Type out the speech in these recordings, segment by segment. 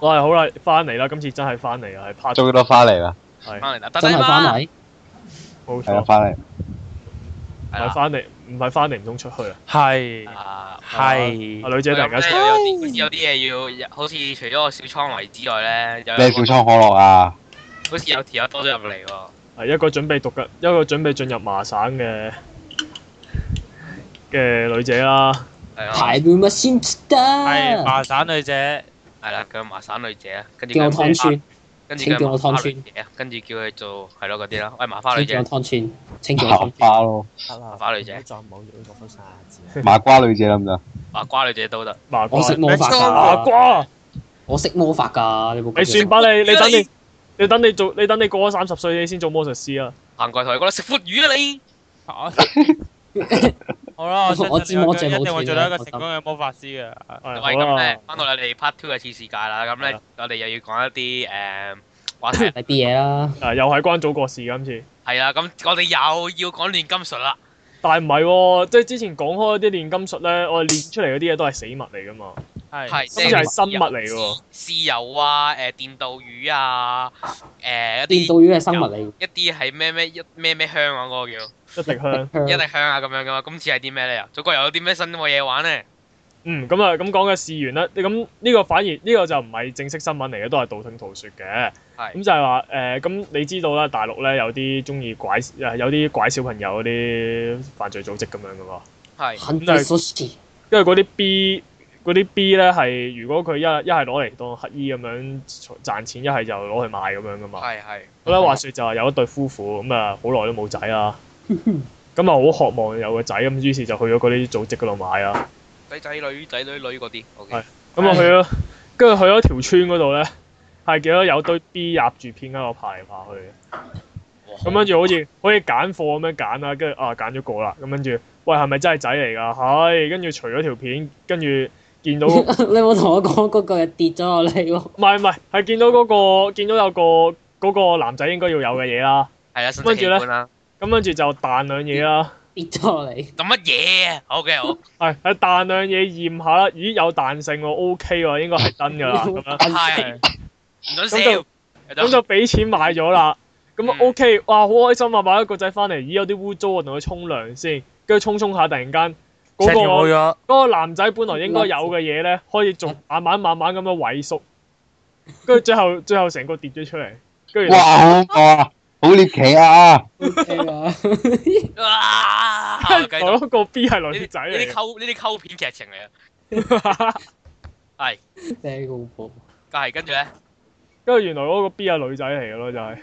我係、啊、好啦，翻嚟啦！今次真係翻嚟啦，拍咗多翻嚟啦，係翻嚟啦，得係翻嚟，冇錯翻嚟，係翻嚟，唔係翻嚟唔通出去啊？係，係，女仔突然間出。有啲嘢要，好似除咗個小倉位之外咧，有咩小倉可樂啊？好似有條友多咗入嚟喎。係一個準備讀嘅，一個準備進入麻省嘅嘅女仔啦。係、啊、麻省女仔。係啦，叫麻省女姐，跟住叫我湯村，跟住叫，叫我湯村，跟住叫佢做係咯嗰啲啦。喂麻花女姐，請，請麻花咯，花女姐，麻瓜女姐得唔得？麻瓜女姐都得，麻瓜識魔法麻瓜。我識魔法噶，你，你算吧你，你等你，你等你做，你等你過咗三十歲你先做魔術師啊！行過台嗰度食闊魚啊你。 好啦，我知我一定會做到一個成功嘅魔法師嘅。咁咧，翻到嚟我哋 part two 嘅次世界啦。咁咧，我哋又要講一啲誒，話題啲嘢啦。又係關祖國事，今次係啊，咁我哋又要講煉金術啦。但係唔係，即係之前講開啲煉金術咧，我哋煉出嚟嗰啲嘢都係死物嚟噶嘛？係今次係生物嚟嘅，豉油啊，誒，電導魚啊，誒，一啲電導魚係生物嚟，一啲係咩咩一咩咩香啊嗰個叫。一滴香， 一滴香啊！咁樣噶嘛？今次係啲咩咧？祖國又有啲咩新嘅嘢玩咧、嗯？嗯，咁、嗯、啊，咁、嗯、講嘅事緣啦。咁、嗯、呢、嗯這個反而呢、這個就唔係正式新聞嚟嘅，都係道聽途說嘅。係是。咁、嗯、就係話誒，咁、呃嗯、你知道啦，大陸咧有啲中意拐有啲拐小朋友嗰啲犯罪組織咁樣噶嘛？係。因為因為嗰啲 B 嗰啲 B 咧係，如果佢一一係攞嚟當乞兒咁樣賺錢，一係就攞去賣咁樣噶嘛。係係是。咁咧是話說就係有一對夫婦咁啊，好耐都冇仔啊。 嗯咁啊，好渴望有個仔，咁於是就去咗嗰啲組織嗰度買啊。仔仔女仔女女嗰啲。係。咁啊去咗，跟住去咗條村嗰度咧，係見到有堆 B 壓住片喺度爬嚟爬去。咁跟住好似可以揀貨咁樣揀啦，跟住啊揀咗個啦，咁跟住喂，係咪真係仔嚟㗎？係，跟住除咗條片，跟住見到。你冇同我講嗰個係跌咗落嚟喎。唔係唔係，係見到嗰個，見到有個嗰個男仔應該要有嘅嘢啦。係啊，跟住咧。咁跟住就彈兩嘢啦。邊個嚟？彈乜嘢啊？O K，好，係彈兩嘢驗下啦。咦，有彈性喎，O K 喎，應該係真㗎啦。唔準笑。咁就俾錢買咗啦。咁啊 O K，哇，好開心啊！買一個仔翻嚟。咦，有啲污糟啊，同佢沖涼先。跟住沖沖下，突然間嗰個嗰個男仔本來應該有嘅嘢咧，開始逐慢慢慢慢咁樣萎縮。跟住最後最後成個跌咗出嚟。跟住。哇！好啊。好獵奇啊！哇，嗰個 B 係女仔啊！呢啲溝呢啲溝片劇情嚟啊！係，真個好搏。但係跟住咧，跟住原來嗰個 B 係女仔嚟嘅咯，就係。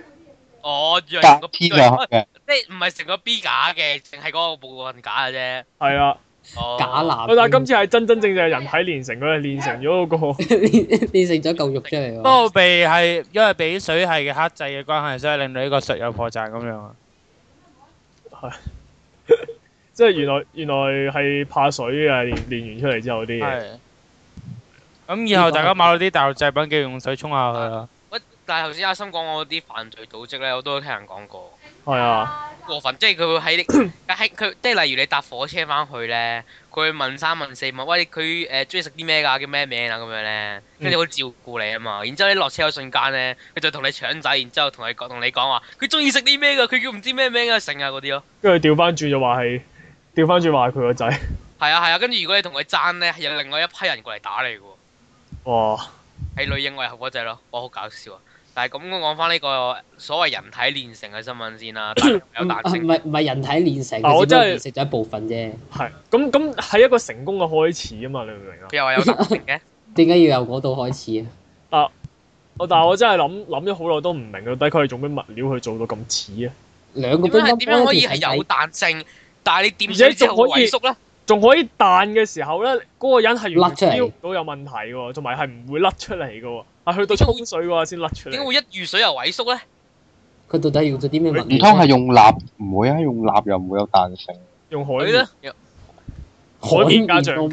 哦，原來個 P 就即係唔係成個 B 假嘅，淨係嗰個部分假嘅啫。係啊。假男，哦，但係今次係真真正正係人體練成，佢係煉成咗嗰個練，煉 成咗嚿肉出嚟。不過鼻係因為鼻水係嘅克制嘅關係，所以令到呢個術有破綻咁樣啊。係， 即係原來原來係怕水啊！練完出嚟之後啲嘢。咁、嗯、以後大家買到啲大陸製品，記得用水沖下去啊。但係頭先阿森講我啲犯罪組織咧，我都有聽人講過。係啊，過分即係佢會喺喺佢，即係 例如你搭火車翻去咧，佢會問三問四問，喂佢誒中意食啲咩㗎？叫咩名啊？咁樣咧，跟住好照顧你啊嘛。然之後你落車嗰瞬間咧，佢就同你搶仔，然之後同你講，同你講話，佢中意食啲咩㗎？佢叫唔知咩名等等啊，成啊嗰啲咯。跟住調翻轉就話係，調翻轉話係佢個仔。係啊係啊，跟住如果你同佢爭咧，有另外一批人過嚟打你嘅喎哇。哇！係女型外合嗰仔咯，我好搞笑啊！但係咁講講翻呢個所謂人體煉成嘅新聞先啦，但有，有彈性唔係唔係人體煉成，我真係食咗一部分啫。係咁咁係一個成功嘅開始啊嘛，你明唔明啊？又話有彈性嘅，點解 要由嗰度開始啊？啊！我但係我真係諗諗咗好耐都唔明，到底佢係用咩物料去做到咁似啊？兩個都點樣可以係有彈性？你但係你點？而且仲可以縮咧，仲可以彈嘅時候咧，嗰、嗰個人係甩出嚟都有問題嘅喎，同埋係唔會甩出嚟嘅喎。去到沖水嘅先甩出嚟。點解會一遇水又萎縮咧？佢到底要咗啲咩？唔通係用蠟，唔會啊，用蠟又唔會有彈性。用海咧？海面加漲，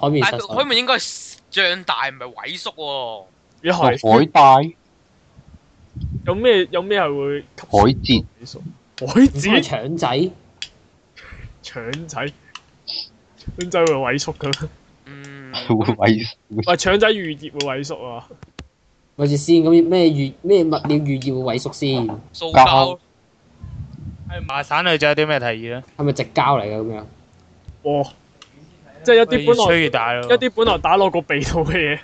海面漲，海面應該脹大唔係萎縮喎。用海帶。有咩有咩係會？海蜇。海蜇。腸仔。腸仔。腸仔會萎縮㗎喇？嗯。會萎縮。喂，腸仔遇熱會萎縮啊？咪先咁咩咩物料越易會萎縮先？塑膠膠。誒、啊，麻散女仔有啲咩提議咧？係咪直膠嚟噶咁樣？哦哇，即係一啲本來一啲本來打落個鼻套嘅嘢。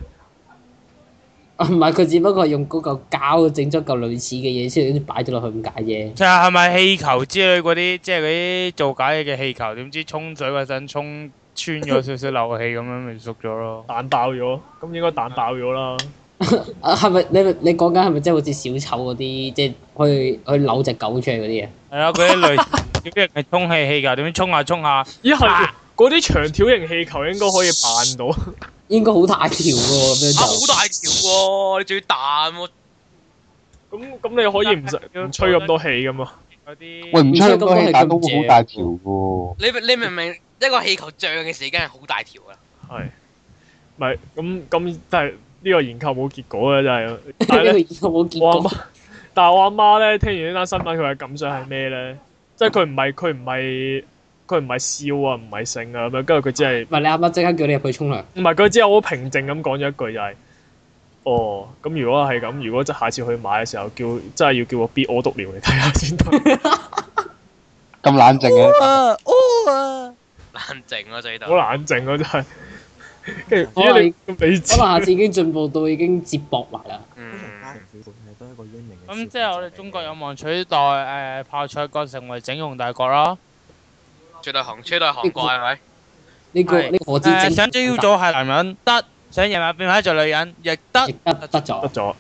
唔係、 啊，佢只不過係用嗰嚿膠整咗嚿類似嘅嘢，先擺咗落去咁解嘢，即係係咪氣球之類嗰啲，即係嗰啲做假嘅氣球？點知充水嗰陣充穿咗少少漏氣咁樣，咪熟咗咯？彈爆咗，咁應該彈爆咗啦。 啊，係咪 你你講緊係咪即係好似小丑嗰啲，即係去去扭隻狗出嚟嗰啲啊？係啊，嗰一類點樣係充氣氣噶？點樣充下充下？咦係，嗰啲長條型氣球應該可以辦到， 應該好大條噶喎。樣啊，好大條喎，啊！你仲要彈喎，啊？咁咁你可以唔使吹咁多氣噶嘛？有啲喂唔吹咁多氣，但都會好大條噶。你你明唔明一個氣球脹嘅時間係好大條噶。係咪咁咁真係？呢個研究冇結果啊，真係，但係 我阿媽咧，聽完呢單新聞佢嘅感想係咩咧？即係佢唔係佢唔係佢唔係笑啊，唔係性啊咁樣，跟住佢只係唔係你阿媽即刻叫你入去沖涼？唔係佢只係好平靜咁講咗一句就係、是，哦，咁如果係咁，如果即下次去買嘅時候，叫真係要叫我 B 屙督尿嚟睇下先得，咁 冷靜啊？哦，冷靜啊，最大，好冷靜啊，真係。我哋可能下次已經進步到已經接駁埋啦。咁即係我哋中國有望取代誒泡菜國成為整容大國咯。取代韓取代韓國係咪？呢個呢個誒想朝早係男人得，想夜晚變埋一隻女人亦得。得得得咗。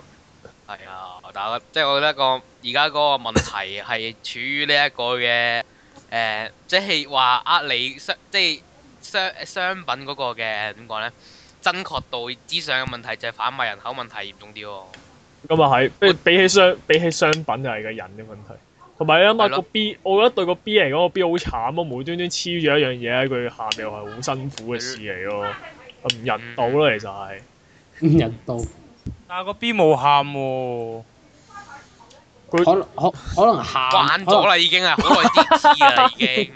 係啊，但係我即係我覺得個而家嗰個問題係處於呢一個嘅誒，即係話呃你相即係。商商品嗰個嘅點講咧，真確度、資上嘅問題就係販賣人口問題嚴重啲喎、哦。咁啊係，比起商比起商品就係個人嘅問題。同埋你諗下個 B，咯我覺得對個 B 嚟講，個 B 好慘啊、哦！無端端黐住一樣嘢喺佢喊又係好辛苦嘅事嚟咯。唔人道咯，其實係唔人道。但係個 B 冇喊喎，佢可可可能喊咗啦，已經啊，好耐黐啦，已經。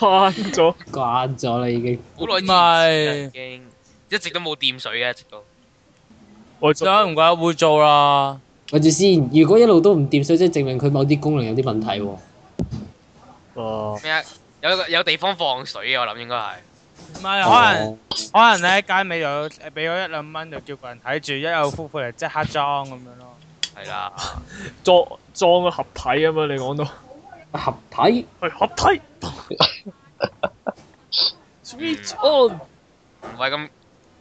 慣咗，慣咗啦已經，好耐，唔係，已經一直都冇掂水嘅，一直都。我裝唔怪我冇做啦。或者先，如果一路都唔掂水，即係證明佢某啲功能有啲問題喎。哦。咩啊？有一個有地方放水啊！我諗應該係。唔係可能，可能你喺街尾又俾咗一兩蚊，就叫個人睇住，一有夫婦嚟即刻裝咁樣咯。係啦。裝裝個合體啊嘛！你講到。合體。係合體。Switch on。唔該，咁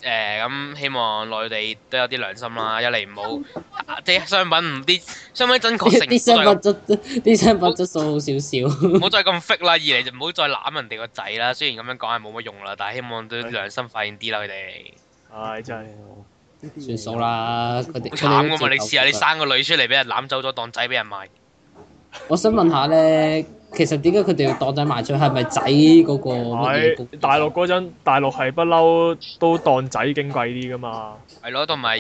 誒，咁希望內地都有啲良心啦。一嚟唔好即係啲商品唔啲商品真確性，啲商品質啲商品質素好少少。唔好再咁 fake 啦，二嚟就唔好再攬人哋個仔啦。雖然咁樣講係冇乜用啦，但係希望都良心發現啲啦，佢哋。唉，真係算數啦。佢哋好慘噶嘛！你試下你生個女出嚟俾人攬走咗當仔俾人賣。我想問下咧。其實點解佢哋要當仔麻咗？係咪仔嗰個、哎那個、大陸嗰陣，大陸係不嬲都當仔矜貴啲噶嘛。係咯，同埋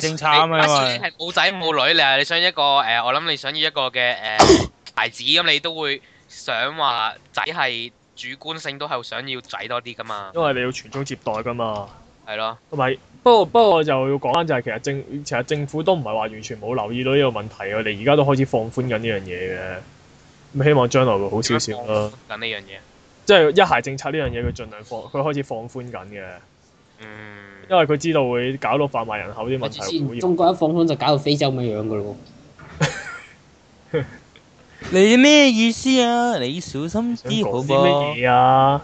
政策慘啊嘛。就算你係冇仔冇女，你係你想一個誒、呃，我諗你想要一個嘅誒孩子咁，呃、 你都會想話仔係主觀性都係想要仔多啲噶嘛。因為你要傳宗接代噶嘛。係咯的。同埋不過，不過我就要講翻，就係其實政其實政府都唔係話完全冇留意到呢個問題，我哋而家都開始放寬緊呢樣嘢嘅。希望將來會好少少啦。緊呢樣嘢，即係一孩政策呢樣嘢，佢盡量放，佢開始放寬緊嘅。嗯。因為佢知道會搞到販賣人口啲問題。中國一放寬就搞到非洲咁樣嘅咯喎。 你咩意思啊？你小心啲好，講啲乜嘢啊？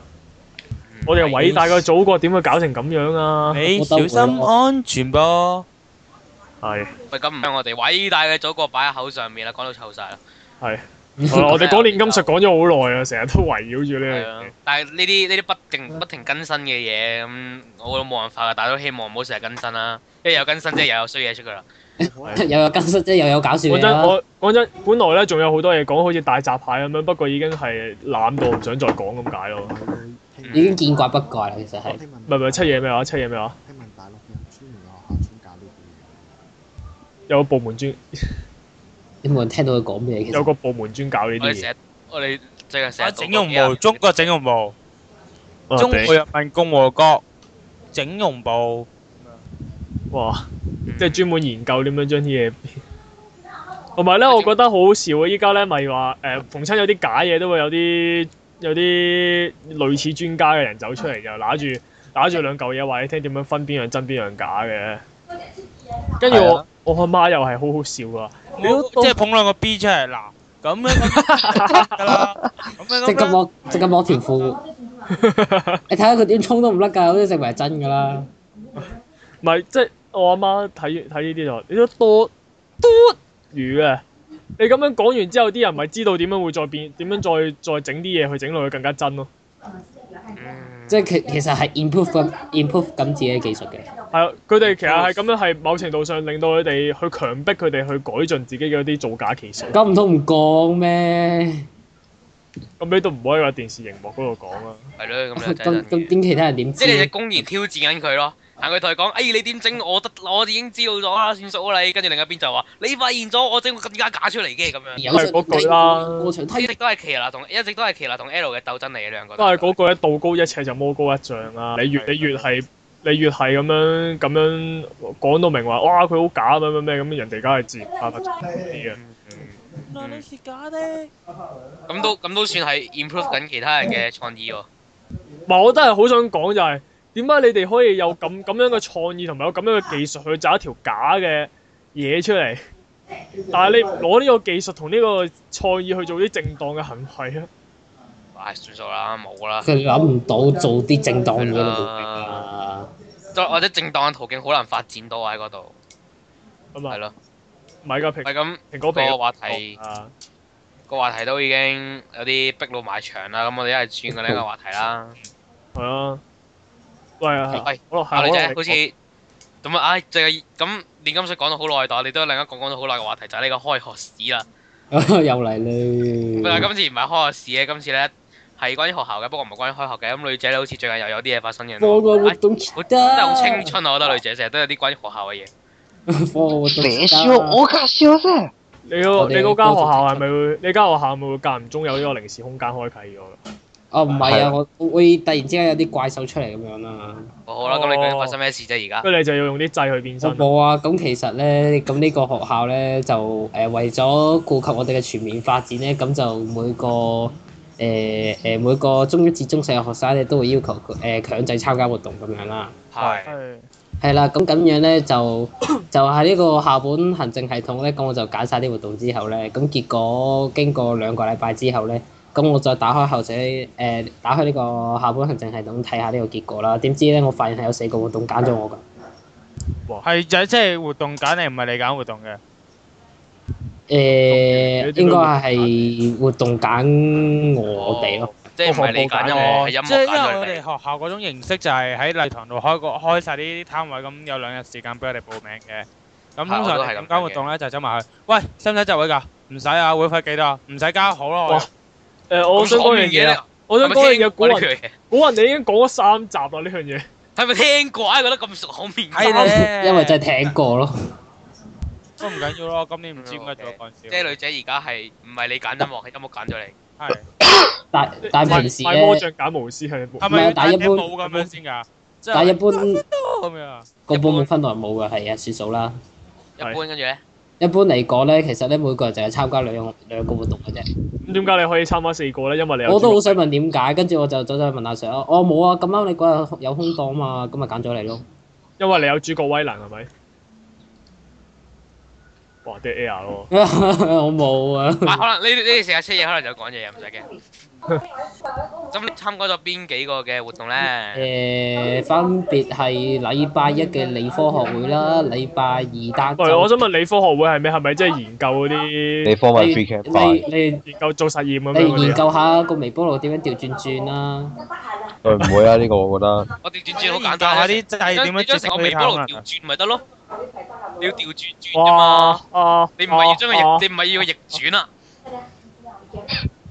我哋偉大嘅祖國點會搞成咁樣啊？你小心安全噃。係是。喂，咁唔係我哋偉大嘅祖國擺喺口上面啦，講到臭晒啦。係。我哋講煉金術講咗好耐啊，成日都圍繞住呢樣。但係呢啲呢啲不停不停更新嘅嘢，咁、嗯、我冇辦法，但係都希望唔好成日更新啦、啊。一有更新即係又有衰嘢出噶啦，又有更新即係又， 又，又有搞笑、啊。講真，我講真，本來咧仲有好多嘢講，好似大雜牌咁樣，不過已經係攬到唔想再講咁解咯。已經見怪不怪啦，其實係。唔係唔係，出嘢咩話？出嘢咩話？大陸有專門嘅物資架呢啲嘢。有部門專。 有冇人聽到佢講咩？有個部門專門搞呢啲嘢。我哋成整容部，中國整容部，啊、中國人民共和國。整容部。哇！即係專門研究點樣將啲嘢。同埋咧，我覺得好笑啊！依家咧咪話誒，逢親有啲假嘢都會有啲有啲類似專家嘅人走出嚟，又攞住攞住兩嚿嘢話你聽點樣分邊樣真邊樣假嘅。跟住我。我阿媽又係好好笑㗎、哦！即係捧兩個 B 出嚟嗱，咁 樣咯，咁樣咯，即咁攞，即咁攞條褲。 你睇下佢點衝都唔甩㗎，好似成為係真㗎啦。唔係，即係我阿媽睇睇呢啲就，你都多多餘啊！你咁樣講完之後，啲人咪知道點樣會再變，點樣再再整啲嘢去整落去更加真咯。嗯。嗯嗯嗯嗯。即係其其實係 im improve the improve 緊自己嘅技術嘅。係啊，佢哋其實係咁樣，係某程度上令到佢哋去強迫佢哋去改進自己嗰啲造假技術。咁唔通唔講咩？咁你都唔可以話電視熒幕嗰度講啊。係咯、 嗯，咁咁咁，其他人點知？即係公然挑戰緊佢咯。但佢同佢講，哎，你點整？我得，我已經知道咗啦，算數啦。跟住另一邊就話，你發現咗我整更加假出嚟嘅咁樣。有句啦，一直都係奇樓同，一直都係奇樓同 L 嘅鬥爭嚟嘅兩個。都係嗰個道高一尺就魔高一丈啦，啊。你越你越係，你越係咁樣咁樣講到明話，哇，佢好假咁樣咩咁，人哋梗係接發發出嚟嘅。那，嗯、你是假的，咁都咁都算係 improve 緊其他人嘅創意喎。唔係，我都係好想講就係，是。點解你哋可以有咁咁樣嘅創意同埋有咁樣嘅技術去製一條假嘅嘢出嚟？但係你攞呢個技術同呢個創意去做啲正當嘅行為啊！唉，算數啦，冇啦。佢諗唔到做啲正當嘅，啊！即或者正當嘅途徑好難發展到喺嗰度。咁咪係咯。唔係個蘋果。係咁，蘋果畀個話題。啊、個話題都已經有啲逼到埋牆啦。咁我哋一係轉過另一個話題啦。係咯。 喂，阿女仔，好似咁啊！唉、啊，最近咁，你金叔講咗好耐，但你我哋都另一個講講咗好耐嘅話題，就係呢個開學史啦。又嚟咧！唔今次唔係開學史嘅，今次咧係關於學校嘅，不過唔係關於開學嘅。咁、嗯、女仔好似最近又有啲嘢發生嘅。放好、哎、好青春啊！我覺得女仔成日都有啲關於學校嘅嘢。我笑，你我架笑先。你你嗰間學校係咪會？你間學校係咪會間唔中有呢個零時空間開啟咗？哦，唔係啊，啊我會突然之間有啲怪獸出嚟咁樣啦、啊哦。好啦，咁你究竟發生咩事啫、啊？而家不如你就要用啲掣去變身。冇、哦、啊，咁其實咧，咁呢個學校咧就誒、呃、為咗顧及我哋嘅全面發展咧，咁就每個誒誒、呃、每個中一至中四嘅學生咧都會要求誒強、呃、制參加活動咁樣啦、啊。係是。係、啊。係啦，咁咁樣咧就就喺呢個校本行政系統咧，咁我就揀晒啲活動之後咧，咁結果經過兩個禮拜之後咧。咁我再打開後者，誒打開呢個校本行政系統睇下呢個結果啦。點知咧，我發現係有四個活動揀咗我㗎。係就即係活動揀你，定唔係你揀活動嘅？誒，應該係活動揀我哋咯。即係唔係你揀啫？即係因為我哋學校嗰種形式就係喺禮堂度開個開曬啲攤位，咁有兩日時間俾我哋報名嘅。咁通常搞活動咧就走埋去。喂，使唔使集會㗎？唔使啊！會費幾多？唔使交，好咯。誒，我想講樣嘢啦，我想講樣嘢，古人，古人哋已經講咗三集啦呢樣嘢，係咪聽過啊？覺得咁熟口面嘅，係咧，因為就係聽過咯。都唔緊要咯，今年唔知點解仲喺度講笑。即係女仔而家係唔係你揀音樂，係音樂揀咗你。係。但但平時咧？魔像揀巫師係冇。係咪？但一般冇咁樣先噶。但一般。一般都咁樣。個波冇分內冇噶係啊，算數啦。一般跟住咧。一般嚟講咧，其實咧每個人淨係參加兩兩個活動嘅啫。咁點解你可以參加四個咧？因為你有我都好想問點解，跟住我就走走去問阿 Sir。我冇啊，咁啱你嗰日有空檔啊嘛，咁咪揀咗你咯。因為你有主角威能係咪？哇！啲 air 咯，我冇啊。啊，可能你你成日出嘢，可能就講嘢，唔使驚。咁你參加咗邊幾個嘅活動咧？誒，分別係禮拜一嘅理科學會啦，禮拜二搭。唔係，我想問理科學會係咩？係咪即係研究嗰啲？理科咪 free camp。你你研究做實驗啊？你研究下個微波爐點樣調轉轉啦。佢唔會啊！呢個我覺得。我調轉轉好簡單。研究下啲即係點樣將個微波爐調轉咪得咯？你要調轉轉啊嘛！你唔係要將佢逆，你唔係要逆轉啊？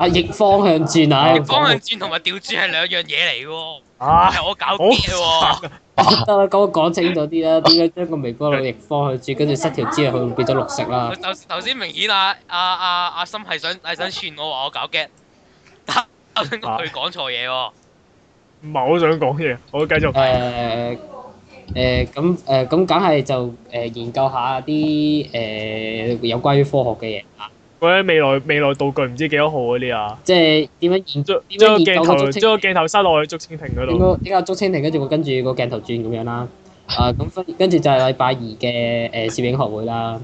啊！逆方向轉啊！逆方向轉同埋調轉係兩樣嘢嚟喎，係我搞嘅喎。得啦，講講清楚啲啦。點解將個微波爐逆方向轉，跟住失調之後佢會變咗綠色啦？頭頭先明顯啊啊啊啊！心係想係想串我話我搞嘅，但係佢講錯嘢喎。唔係好想講嘢，我繼續。誒誒，咁誒咁，梗係就誒研究下啲誒有關於科學嘅嘢嚇。嗰啲未來未來道具唔知幾多號嗰啲啊！即係點樣演？將著個鏡頭將個鏡頭塞落去竹蜻蜓嗰度。點解竹蜻蜓？跟住我跟住個鏡頭轉咁樣啦。 啊，咁跟住就係禮拜二嘅誒攝影學會啦。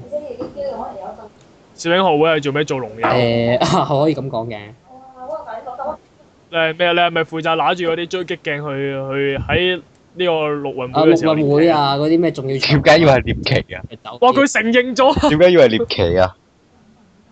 攝影學會係做咩？做農咩？誒，可以咁講嘅。誒咩、啊？你係咪負責攞住嗰啲狙擊鏡去去喺呢個陸運會，呃、會啊，會啊，嗰啲咩重要？點解要係獵奇啊？哇！佢承認咗。點解要係獵奇啊？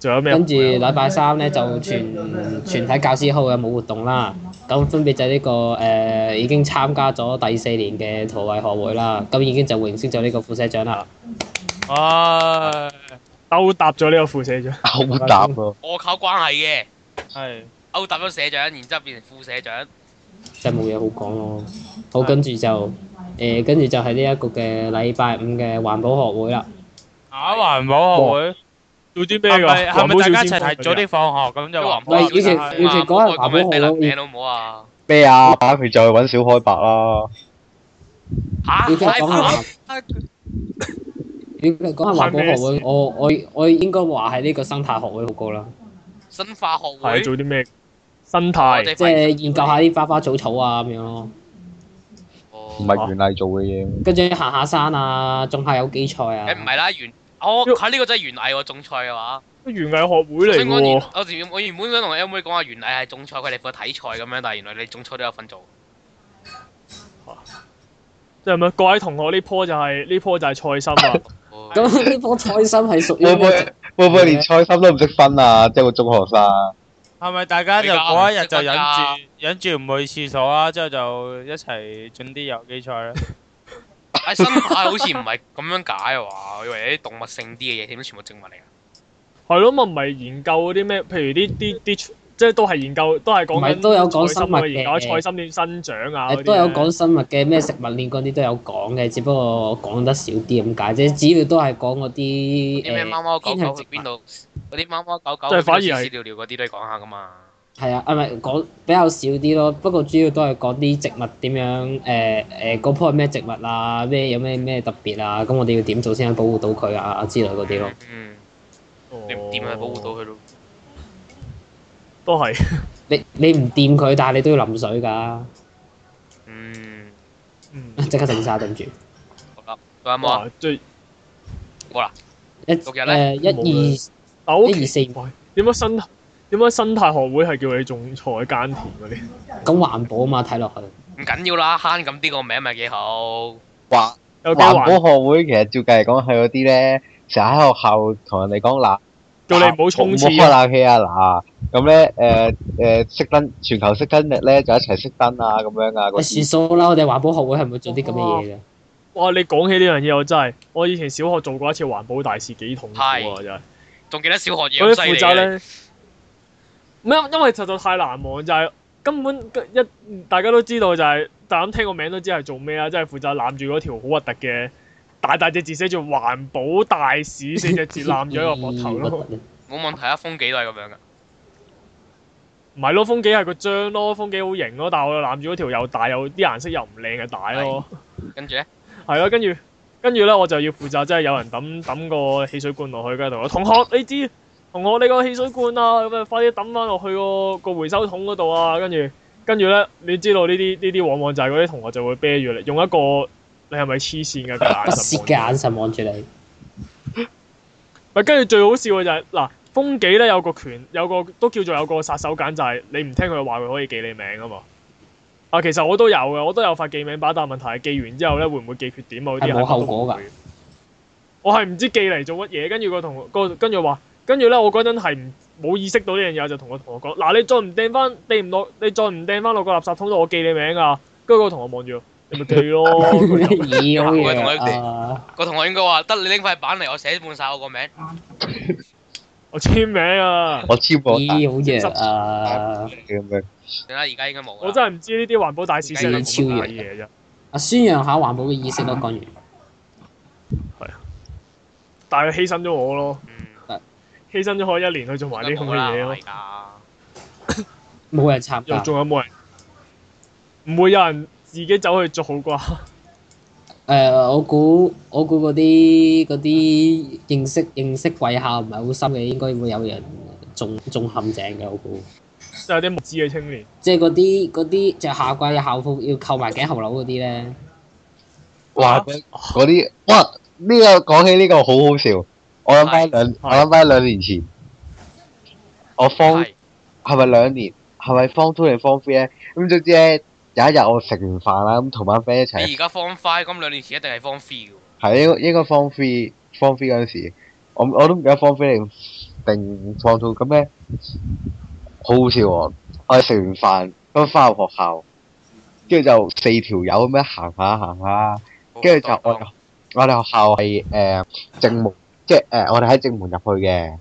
跟住禮拜三咧就全 全體教師號嘅冇活動啦。咁分別就係呢、這個誒、呃、已經參加咗第四年嘅圖藝學會啦。咁已經就榮升咗呢個副社長啦。唉、啊，勾搭咗呢個副社長。勾 搭我、啊、我靠關係嘅。係的。勾搭咗社長，然之後變成副社長。 真係冇嘢好講咯。好，跟住就誒，跟住的、呃、就係呢一個嘅禮拜五嘅環保學會啦。啊，環保學會。做啲咩噶？係咪係咪大家一齊提早啲放學，咁就環保？以前以前講下環保講咩地立好唔好啊？咩啊？打佢就去搵小開白啦！吓？以前講下，以前講下環保學會，我我我應該話喺呢個生態學會好過啦。生化學會。係做啲咩？生態即係研究下啲花花草草啊咁樣咯。哦，唔係原嚟做嘅嘢。跟住行下山啊，種下有機菜啊。唔係啦，原。哦，喺呢個真係園藝，我種菜嘅話，啲園藝學會嚟嘅喎。我原我原本想同 L 妹講下園藝係種菜，佢哋會睇菜咁樣，但係原來你種菜都有分做。即係咪各位同學呢棵就係、是、呢棵就係菜心啊？咁呢棵菜心係屬於，會唔會唔會連菜心都唔識分啊？即係個中學生、啊。係咪大家就嗰一日就忍住、啊、忍住唔去廁所啊？之後就一齊進啲有機菜啊。 喺生物好似唔係咁樣解啊嘛，我以為啲動物性啲嘅嘢，點全部植物嚟啊？係咯，咪咪研究嗰啲咩？譬如啲啲啲，即係都係研究，都係講緊。咪都有講生物嘅，菜心點生長啊？都有講生物嘅，咩食物鏈嗰啲都有講嘅，只不過講得少啲咁解啫。主要都係講嗰啲誒，貓貓狗度？啲狗狗，即係反而屎尿尿嗰啲都係講下噶嘛。係啊，啊咪？講比較少啲咯，不過主要都係講啲植物點樣，誒誒，嗰棵係咩植物啊？咩有咩咩特別啊？咁我哋要點做先可以保護到佢啊啊之類嗰啲咯。嗯，你唔掂係保護到佢咯，都係。你你唔掂佢，但係你都要淋水噶。嗯，即刻停晒，對唔住。好啦，仲有冇啊？最冇啦。一誒一二一二四，有乜新？點解生態學會係叫你種菜耕田嗰啲，咁環保嘛睇落去。唔緊要啦，慳咁啲個名咪幾好。哇，環保學會其實照計嚟講係嗰啲咧，成日喺學校同人哋講嗱，啊、叫你唔好衝刺、啊，唔好開冷氣啊嗱。咁咧誒誒熄燈，全球熄燈日咧就一齊熄燈啊咁樣啊。你算數啦，我哋環保學會係唔會做啲咁嘅嘢嘅。哇！你講起呢樣嘢，我真係我以前小學做過一次環保大事，幾痛苦啊！是真係的。仲記得小學嘢咁犀利嘅。唔因為實在太難忘，就係、是、根本一大家都知道、就是，就係大膽聽個名都知係做咩啦，即係負責攬住嗰條好核突嘅大大隻字寫住環保大使四隻字攬住一個膊頭咯。冇、 嗯、問題啊，風紀都係咁樣噶。唔係咯，風紀係個章咯，風紀好型咯，但係我又攬住嗰條又大又啲顏色又唔靚嘅帶咯。跟住咧？係咯， 跟住跟住咧，我就要負責即係有人抌抌個汽水罐落去度，跟住同我同學你知。同我你個汽水罐啊，咁快啲抌翻落去個、啊、個回收桶嗰度啊！跟住跟住咧，你知道呢啲呢啲往往就係嗰啲同學就會啤住你，用一個你係咪黐線嘅眼神，眼神望住你。跟住 最好笑嘅就係、是、嗱，風紀咧有個權，有個、有個都叫做有個殺手鐧，就係、是、你唔聽佢話，佢可以記你名啊嘛。啊，其實我都有嘅，我都有塊記名板，但問題係記完之後咧，會唔會記缺點啊？啲人會唔會？我係唔知記嚟做乜嘢，跟住個同個跟住話。跟住咧，我嗰陣係冇意識到呢樣嘢，就同我同學講：嗱、啊，你再唔掟翻，掟唔落，你再唔掟翻落個垃圾桶度，我記你名啊！跟住個同學望住，你咪退咯。個、啊啊、同學應該話：得你拎塊板嚟，我寫滿晒我個名、啊。我簽名啊！我超越，咦，好弱啊！而家而家應該冇。我真係唔知呢啲環保大使識做乜嘢嘢啫！啊，宣揚下環保嘅意識咯，講完。係啊，但係佢犧牲咗我咯。犧牲咗可一年去做埋啲咁嘅嘢咯，冇人插㗎，仲有冇人？唔會有人自己走去做嗰啲？誒，我估我估嗰啲啲認識認識貴校唔係好深嘅，應該會有人中中陷阱嘅，我估。即係啲無知嘅青年。即係嗰啲嗰啲著夏季嘅校服要扣埋頸喉褸嗰啲咧。或者嗰啲哇，呢個講起呢個好好笑。我諗翻兩，我諗翻兩年前，我方係咪兩年，係咪方 two 定方 three 咧？咁總之咧，有一日我食完飯啦，咁同班 friend 一齊。你而家方 five，咁兩年前一定係方 three。係，應該應該方 three，方 three 嗰陣時，我我都唔記得方 three 定放 two 咁咧，好好笑喎、哦！我哋食完飯，咁翻入學校，跟住就四條友咁樣行下行下，跟住就我多我哋學校係誒正目。呃 即係誒、呃，我哋喺正門入去嘅，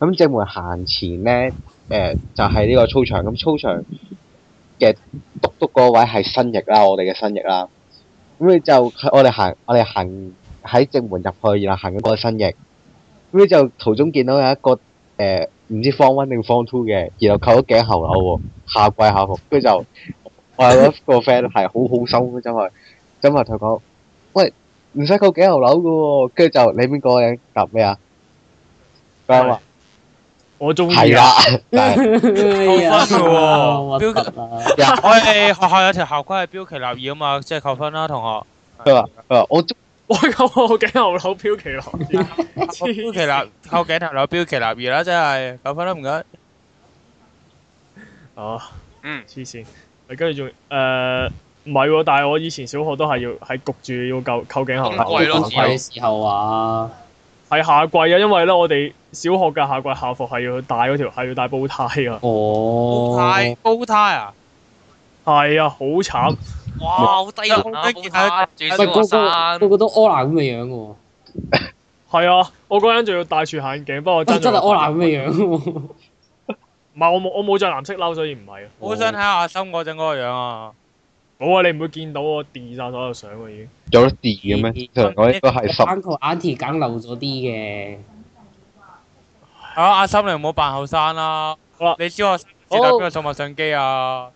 咁正門行前咧，誒、呃、就係、是、呢個操場，咁操場嘅篤篤個位係新翼啦，我哋嘅新翼啦。咁咧就我哋行，我哋行喺正門入去，然後行緊個新翼，咁咧就途中見到有一個誒唔、呃、知 form one 定 form two 嘅，然後扣咗頸後樓喎、啊，下跪下伏，跟住就我有一個 friend 係好好心嘅，真、就、係、是，真係同佢講，喂。唔使扣幾樓樓嘅，跟住就你邊個人答咩啊？佢話我中意係啦，扣分嘅。我哋學校有條校規係標奇立異啊嘛，即係扣分啦，同學。佢話佢話我中，我扣幾樓樓標奇立異，黐線。標奇立扣幾樓樓標奇立異啦，即係扣分啦，唔該。哦，嗯，黐線。跟住仲誒。唔係喎，但係我以前小學都係要喺焗住要救扣頸喉帶。季嘅、啊、時候啊，係夏季啊，因為咧我哋小學嘅夏季校服係要戴嗰條係要戴煲呔、哦、啊。哦。煲呔煲呔啊！係啊，好慘。哇！好低啊！嗯、煲呔泰。唔係嗰個，嗰、嗰個都柯南咁嘅樣嘅喎、啊。係 啊，我嗰陣仲要戴住眼鏡，不過真、啊、真係柯南咁嘅樣、啊。唔係我冇，我冇著藍色褸，所以唔係。哦、我想睇下阿心嗰陣嗰個樣啊！冇啊！你唔會見到我 delete 晒所有相喎已經。有得 delete 嘅咩？嗯、我呢個係十。Uncle Auntie 揀漏咗啲嘅。啊！阿三你唔好扮後生啦。你知我了知道邊個數碼相機啊？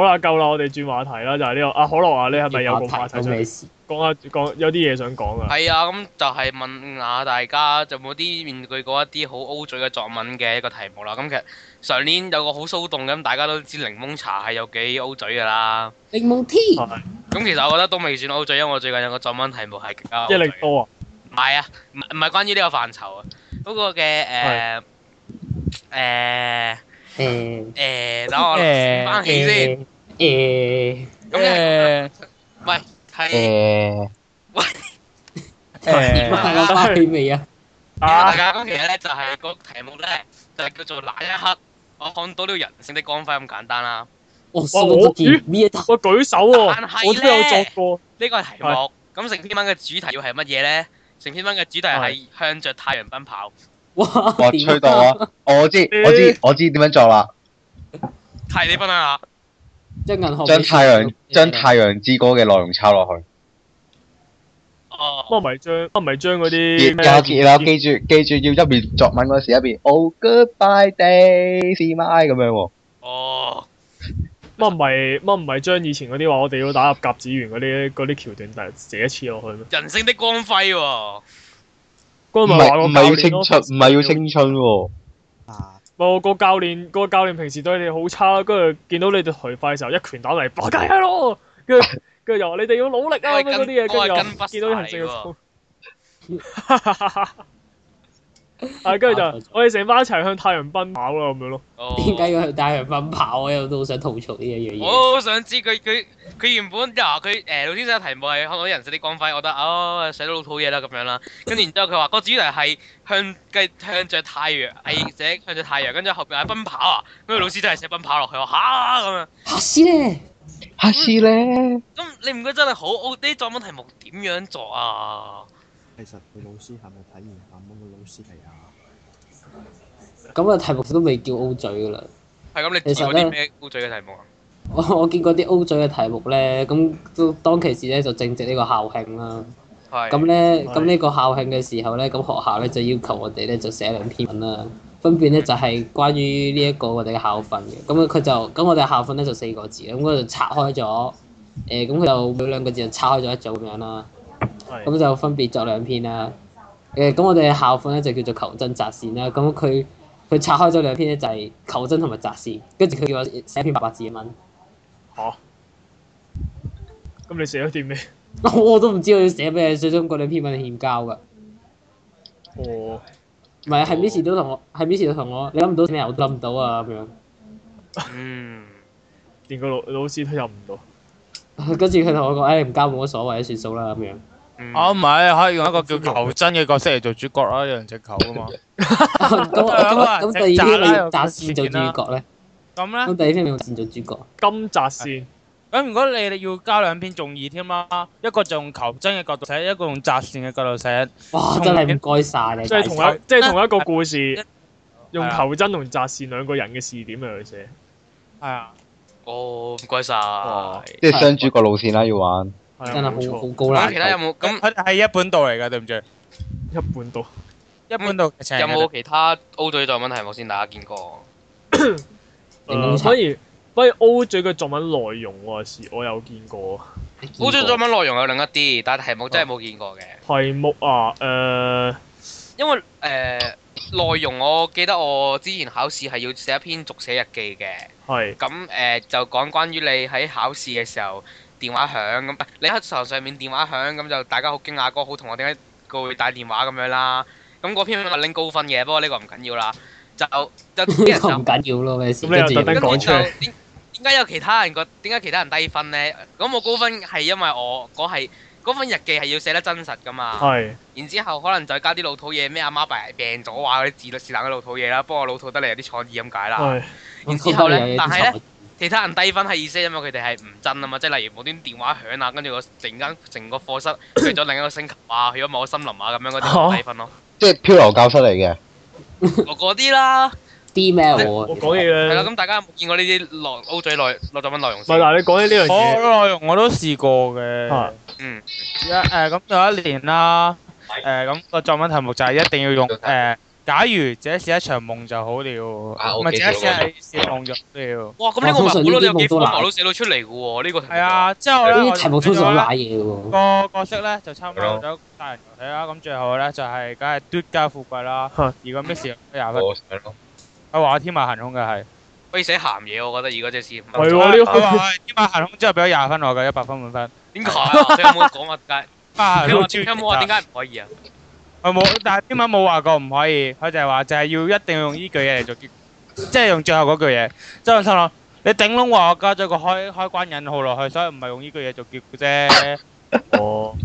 好啦，夠啦，我哋轉話題啦，就係呢個阿可樂啊，你係咪有個話題想講下？講有啲嘢想講啊。係啊，咁就係問下大家，就冇啲面具嗰一啲好 O 嘴嘅作文嘅一個題目啦。咁其實上年有個好騷動咁，大家都知檸檬茶係有幾 O 嘴噶啦。檸檬 T。咁 其實我覺得都未算 O 嘴，因為我最近有個作文題目係精力多啊。唔係啊，唔係關於呢個範疇啊。嗰個嘅誒誒。呃誒，誒，多咯，翻起先，誒，咁樣，唔係，係，喂，係，我翻起未啊？今日講嘅咧就係個題目咧，就係叫做那一刻我看到呢個人性嘅光輝咁簡單啦。我我舉，我舉手啊！但係咧，我都有作過呢個題目。咁成篇文嘅主題要係乜嘢咧？成篇文嘅主題係向着太陽奔跑。我吹到啊、欸！我知，我知，我知點樣作啦。睇你分啦，將銀行將太陽將太陽之歌嘅內容抄落去、啊。哦，乜咪將乜咪將嗰啲？然後記住記住要一邊作文嗰時一邊。Oh, good bye, days, my 咁樣、啊啊。哦。乜咪乜咪將以前嗰啲話，我哋要打入甲子園嗰啲嗰啲橋段，但寫一次落去咩？人性的光輝、哦。唔係要青春，唔係要青春喎。啊、哦！冇個教練，個教練平時對你哋好差，跟住見到你哋頹廢嘅時候，一拳打嚟，仆街咯。跟住跟住又話你哋要努力啊咁嗰啲嘢，跟住又見到人哋又係跟住就、啊、我哋成班一齊向太陽奔跑啦咁、哦、樣咯。點解要向太陽奔、啊欸哦那個欸、奔跑啊？我都好想吐槽呢一樣嘢。我好想知佢佢佢原本，佢誒老先生嘅題目係可能人寫啲光輝，我覺得啊寫到老土嘢啦咁樣啦。跟住然之後佢話個主題係向計向着太陽，係寫向着太陽，跟住後邊係奔跑啊。咁啊老師真係寫奔跑落去話吓咁樣。吓死咧，吓死咧，咁你唔覺得真係好 O？啲作文題目點樣作啊？其實佢老師係咪睇完下咁嘅老師係？咁個題目都未叫 O 嘴㗎啦。係咁，你做過咩 O 嘴嘅題目啊？我 我見過啲 O 嘴嘅題目咧，咁都當其時咧就正值呢個校慶啦。係。咁咧，咁呢個校慶嘅時候咧，咁學校咧就要求我哋咧就寫兩篇文啦。分別咧就係、是、關於呢一個我哋嘅校訓嘅。咁佢就咁我哋校訓咧就四個字，咁佢就拆開咗，誒咁佢就每兩個字就拆開咗一組咁樣啦。咁 就分別作兩篇啦。誒，咁我哋嘅校訓咧就叫做求真擇善啦。咁佢。佢拆開咗兩篇咧，就係、是、求真同埋雜事。跟住佢叫我寫篇八百字嘅文。嚇、啊！咁你寫咗啲咩？我都唔知我要寫咩，最終嗰兩篇文係欠交噶。哦。唔係是，係 Miss、哦、都同我，係 Miss 都同我，你諗唔到咩？我諗唔到啊咁樣。嗯。連個老老師都入唔到。跟住佢同我講：誒、哎、唔交冇乜所謂，算數啦咁樣。我唔係可以用一個叫求真嘅角色嚟做主角啦，用隻球啊嘛。咁咁咁，第二篇你扎線做主角咧？咁咧？咁第二篇用線做主角？金扎線。咁如果你要加兩篇仲易添啦，一個就用求真嘅角度寫，一個用扎線嘅角度寫。哇！真係唔該晒你。即係同一，即係同一個故事，用求真同扎線兩個人嘅視點去寫。係啊。哦，唔該晒。即係雙主角路線啦，要玩。真係好好高啦！咁其他有冇？咁佢係一本道嚟噶，對唔住。一本道，一本道。有冇其他 O 卷作文題目先？大家見過？所以，所以 O 卷嘅作文內容是，我有見過。O 卷作文內容有另一啲，但係題目真係冇見過嘅。題目啊，誒，因為誒，內容我記得我之前考試係要寫一篇續寫日記嘅。係。咁誒，就講關於你喺考試嘅時候。電話響咁，你喺床上面電話響咁就大家好驚訝！哥好同我點解佢會帶電話咁樣啦？咁嗰篇文話拎高分嘅，不過呢個唔緊要啦。就有就緊要咯，咩事？點解有其他人覺？點解其他人低分呢？咁我高分係因為我嗰係嗰份日記係要寫得真實噶嘛。然之後可能再加啲老土嘢，咩阿媽病咗話嗰啲字，是但嗰啲老土嘢啦。不過老土得嚟有啲創意咁解啦。然之後呢？但係咧。其他人低分係意思，因為佢哋係唔真啊嘛，即係例如無端電話響啊，跟住我突然間成個課室去咗另一個星球啊，去咗某個森林啊咁樣嗰啲低分咯。即係漂流教室嚟嘅，嗰啲啦。email 我講嘢。係啦，咁大家有冇見過呢啲內 O 嘴內落作文內容先？咪嗱，你講啲呢樣嘢。內容我都試過嘅。嗯。而家誒咁有一年啦，誒咁個作文題目就係一定要用誒。假如這是一場夢就好了，唔係這是一是夢著了。哇！咁呢個文本都有幾花都寫到出嚟嘅喎，呢個係啊，即係我覺得。有啲題目出手瀨嘢嘅喎。個角色咧就差唔多走大人物啦，咁最後咧就係梗係奪家富貴啦。如果咩時候得廿分？佢話天馬行空嘅係可以寫鹹嘢，我覺得。如果隻字唔係喎，呢個天馬行空之後俾咗廿分我嘅一百分滿分。點解？你有冇講啊？聽聽冇話點解唔可以啊？我冇，但係英文冇話過，唔可以，佢就係話就係要一定要用依句嘢嚟做結，即係用最後嗰句嘢。周阿新樂，你頂籠話我加咗個開開關引號落去，所以唔係用依句嘢做結嘅啫。哦，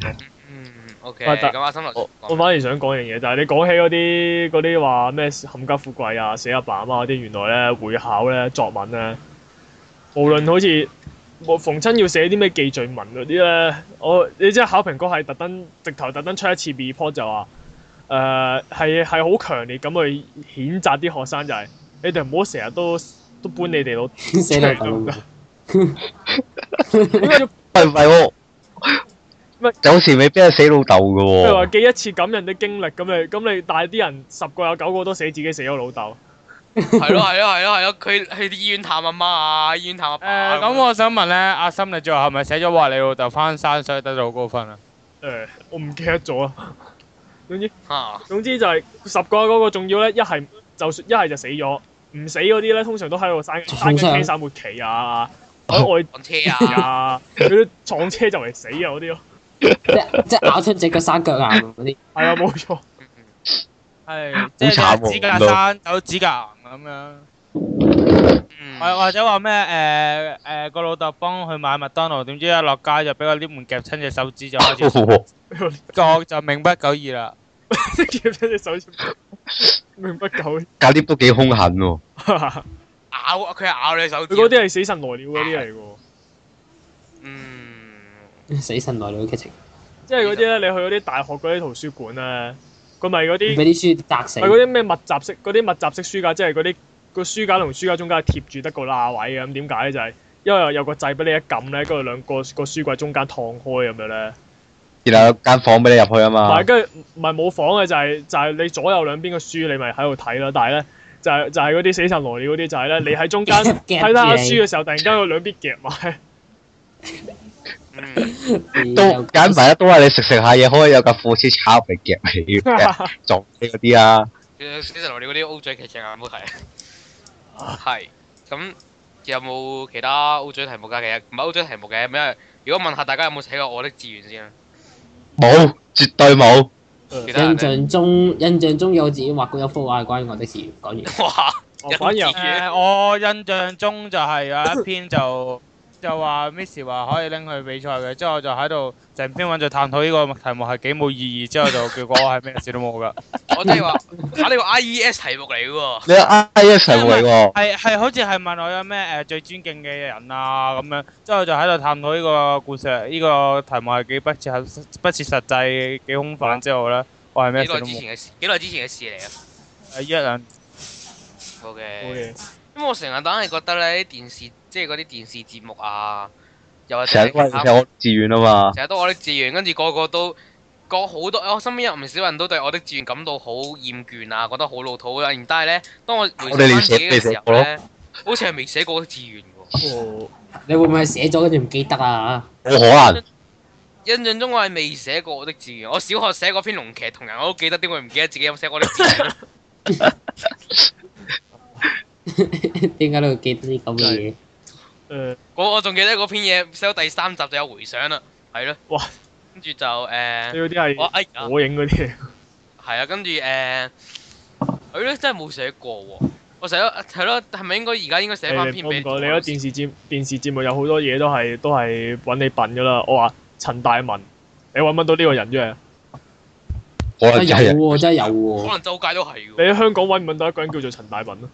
嗯，O K。咁、okay, 阿但、嗯、我反而想講樣嘢，就係你講起嗰啲嗰啲話咩冚家富貴啊、寫阿爸阿媽嗰啲，原來咧會考咧作文咧，無論好似逢親要寫啲咩記敘文嗰啲咧，我你知考評局係特登直頭特登出一次 report 就話。誒，係係好強烈咁去譴責啲學生就係、是，你哋唔好成日都都搬你哋老死豆得唔得？唔係唔係，咩？有時未必係死老豆噶？譬如話記一次感人的經歷咁，你咁你帶啲人十個有九個都死，自己死咗老豆。係咯係咯係咯係咯，佢去醫院探阿媽啊，醫院探阿媽。誒、嗯、咁、嗯嗯、我想問咧，阿心你最後係咪寫咗話你老豆翻山所以得到好高分啊？誒、uh，我唔記得咗。總之，總之就係十個嗰個重要咧，一係就算一係就死咗，唔死嗰啲咧通常都喺度生生根生末期啊，喺外撞車啊，嗰啲、啊啊、撞車就嚟死啊嗰啲咯，即即咬出隻腳生腳啊。嗰啲，係 啊冇錯，係即係指甲生有 指甲癌咁樣。係、嗯、或者話咩誒誒個老豆幫佢買麥當勞，點知一落街就俾個 lift 門夾親隻手指， 就開始割就命不久矣啦。夾親隻手指，命不久矣。夾 lift 都幾凶狠喎， 咬佢咬你手指。嗰啲係死神來了嗰啲嚟噶。 嗯，死神來了嘅劇情，即係嗰啲咧，神你去嗰啲大學嗰啲圖書館啊，佢咪嗰啲啲書砸死嗰啲咩密集式嗰啲密集式書架、啊，即係嗰啲。個書架同書架中間貼住得個罅位嘅，咁點解就係因為有有個掣俾你一撳咧，跟住兩個個書櫃中間燙開咁樣咧。然後有間房俾你入去啊嘛。唔係跟住唔係冇房嘅，就係就係你左右兩邊嘅書你咪喺度睇咯。但係咧就係就係嗰啲死神來了嗰啲就係咧，你喺中間睇翻下書嘅時候，突然間有兩邊夾埋。都簡單啊！都係你食食下嘢，可以有架貨車炒皮夾起撞車啲啊！死神來了嗰啲歐仔劇情啊，好睇。係咁有冇其他奧獎題目噶？其實唔係奧獎題目嘅咩？如果問下大家有冇寫過我的志願先啊？冇，絕對冇。印象中，嗯、印象中有自己畫過一幅畫，係關於我的志願。講完。哇！講、嗯、完、嗯然呃。我印象中就係有一篇就。 就話 Miss 話可以拎去比賽嘅，之後我就喺度成篇揾，就探討呢個題目係幾冇意義，之後就結果係咩事都冇噶。我即係話，啊呢個 I E S 題目嚟嘅喎，你 I E S 題目嚟嘅喎，係係好似係問我有咩誒最尊敬嘅人啊咁樣，之後就喺度探討呢個故事，呢個題目係幾不切不切實際，幾空泛之後咧，我係咩事都冇。幾耐之前嘅事？幾耐之前嘅事嚟啊？係一啊。好嘅。好嘅。咁我成日都係覺得咧，啲電視。即係嗰啲電視節目啊，又或者成日都我的志願啊嘛，成日都我的志願，跟住個個都講好多。我身邊有唔少人都對我的志願感到好厭倦啊，覺得好老土啦。然之後咧，當我回翻屋企嘅時候咧，好似係未寫過我的志願噶。你會唔會寫咗跟住唔記得啊？冇可能。印象中我係未寫過我的志願。我小學寫過篇龍騎同人，我都記得。點解唔記得自己有寫過我的志願？點解你會記得啲咁嘅嘢？誒，我我仲記得嗰篇嘢，寫到第三集就有回想啦，係咯，哇，跟住就誒，嗰啲係我影嗰啲，係啊，跟住誒，佢咧真係冇寫過喎，我寫咗係咯，係咪應該而家應該寫翻篇俾你？你覺得電視節電視節目有好多嘢都係都係揾你笨噶啦？我話陳大文，你揾唔揾到呢個人啫？我係有，真係有喎，可能周街都係。你喺香港揾唔揾到一個人叫做陳大文啊？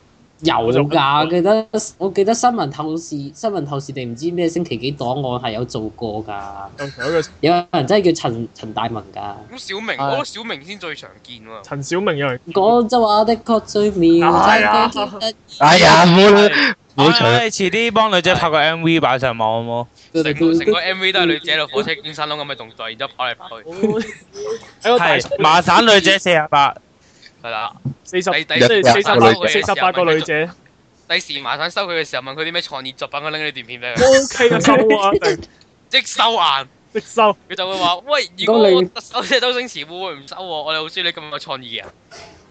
有㗎，記得我記得新聞透視新聞透視地唔知咩星期幾檔案係有做過㗎，有個人真係叫陳陳大文㗎。咁小明，我覺得小明先最常見喎。陳小明又係廣州話的確最妙，真係最得意。哎呀，唔好啦，唔好彩。遲啲幫女仔拍個 MV 擺上網好唔好？成成個 MV 都係女仔喺火車軌山窿咁樣動作，然之後跑嚟跑去。係麻省女仔四廿八。係啦，四十，第第，四十，四十八個女仔，第時麻煩收佢嘅時候問佢啲咩創意作品，我拎呢段片俾佢。O K 啊，收啊，即收啊，即收。佢就會話，喂，如果你收即係周星馳會唔收我？我哋好似你咁有創意啊？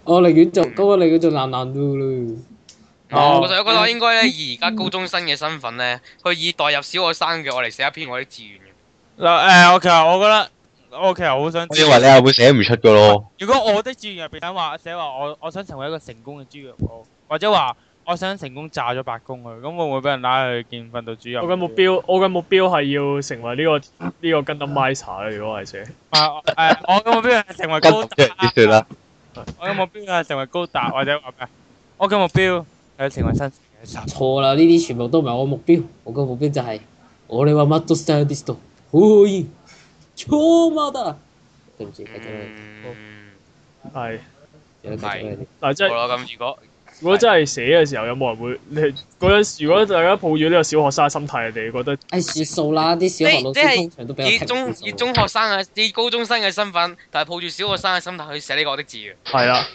我寧願做，我寧願做爛爛都好。我就覺得應該咧，以而家高中生嘅身份咧，去以代入小學生嘅我嚟寫一篇我啲志願嘅。嗱誒，我其實我覺得。我其實好想，我以為你係會寫唔出噶咯。如果我的志願入邊想話寫話我我想成為一個成功嘅豬肉鋪，或者話我想成功炸咗八公去，咁會唔會俾人拉去見訓導主任？我嘅目標，我嘅目標係要成為呢個呢個 Gundam Master 嘅，如果係寫。啊誒，我嘅目標係成為高達。我嘅目標係成為高達，或者話咩？我嘅目標係成為新神。錯啦，呢啲全部都唔係我目標。我嘅目標就係我哋話乜都 standist 到，可以。做乜得啊？嗯，係。唔係。嗱，即係。好啦，咁如果如果真係寫嘅時候，有冇人會你嗰陣時？如果大家抱住呢個小學生嘅心態，你覺得？誒，算數啦，啲小學老師，即係以中以中學生啊，啲高中生嘅身份，但係抱住小學生嘅心態去寫呢個的字嘅。係啊。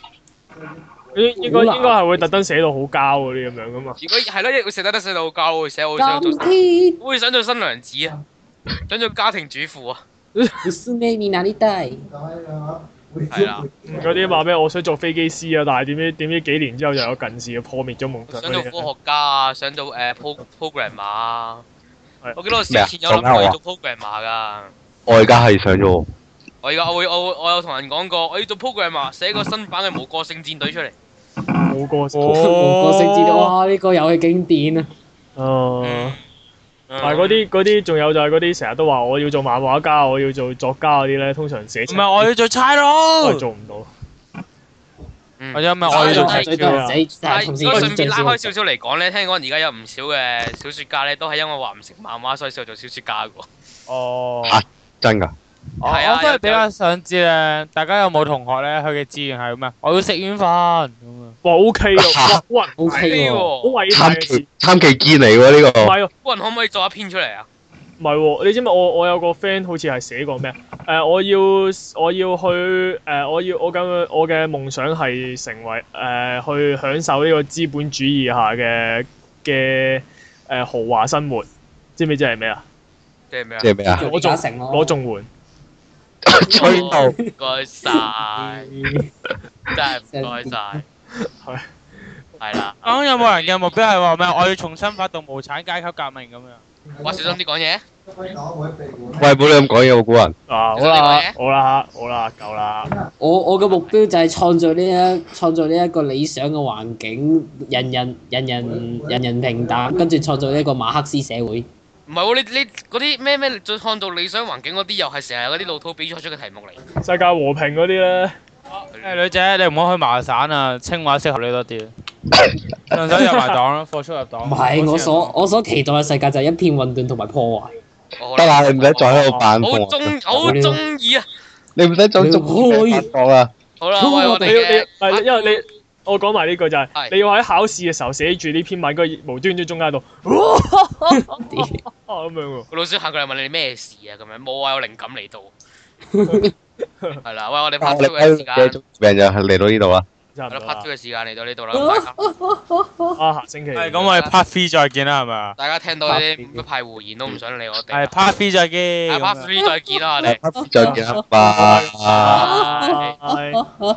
應應該應該係會特登寫到好膠嗰啲咁樣噶嘛。如果係啦，亦會寫得都寫到好膠喎，寫好想做，會想做新娘子啊，想做家庭主婦啊。你咪咪嗱啲低，係啦， 嗰啲話咩？我想做飛機師啊，但係點知點知幾年之後就又有近視嘅破滅咗夢想。想做科學家啊，想做誒 programmer 啊，我記得我之前有諗過要做 programmer 噶。我而家係想做。我而家我會我我有同人講過，我要做 programmer，寫個新版嘅無個性戰隊出嚟。 無個性，oh! 無個性戰隊，哇！呢、這個又係經典啊。哦。Oh! 嗯、但係嗰啲啲，仲有就係嗰啲成日都話我要做漫畫家，我要做作家嗰啲咧，通常寫唔係我要做差佬，我做唔到。或者唔係我要做作家。嗯、但我順便拉開少少嚟講咧，聽講而家有唔少嘅小説家咧，都係因為話唔識漫畫，所以先做小説家喎。哦、嗯。嚇、啊！真㗎。我都係比較想知咧，大家有冇同學咧？佢嘅志願係咩？我要食軟飯，補 K 肉，哇，O K 喎，參、okay，參、啊 啊、其堅嚟喎呢個。唔係、啊，古人可唔可以做一篇出嚟啊？唔係、嗯，你知唔知我我有個 friend 好似係寫過咩誒、呃，我要我要去誒、呃，我要我咁我嘅夢想係成為誒、呃，去享受呢個資本主義下嘅嘅誒豪華生活，知唔知即係咩啊？即係咩啊？即係咩啊？攞仲攞仲換。麼吹到，唔該晒，真係唔該晒，係係啦。咁有冇人嘅目標係話咩？我要重新發動無產階級革命咁樣。我小心啲講嘢，喂，唔好你咁講嘢，我估人。啊，好啦，好啦，好啦，夠啦。我我嘅目標就係創造呢一創造呢一個理想嘅環境，人人人人人人平等，跟住創造呢一個馬克思社會。唔係喎，你你嗰啲咩咩創造理想環境嗰啲，又係成日嗰啲老套比賽出嘅題目嚟。世界和平嗰啲咧，誒女仔，你唔好去麻省啊，清華適合你多啲。上手入埋黨咯，課出入黨。唔係我所我所期待嘅世界就係一片混亂同埋破壞。得啦，你唔使再喺度扮。好鍾意好鍾意啊！你唔使再中。好可以講啊！好啦，我哋嘅，係因為你。我講埋呢個就係，你要喺考試嘅時候寫住呢篇文，跟住無端端中間度，咁樣喎。個老師行過嚟問你咩事啊？咁樣冇啊，有靈感嚟到。係啦，喂我哋拍咗嘅時間，病人就嚟到呢度啦。我拍咗嘅時間嚟到呢度啦。啊，下星期。係咁，我哋 part three 再見啦，係咪啊？大家聽到啲一派胡言都唔想理我哋。係 part three 再見。係 part three 再見啦，你。part three 再見，拜拜。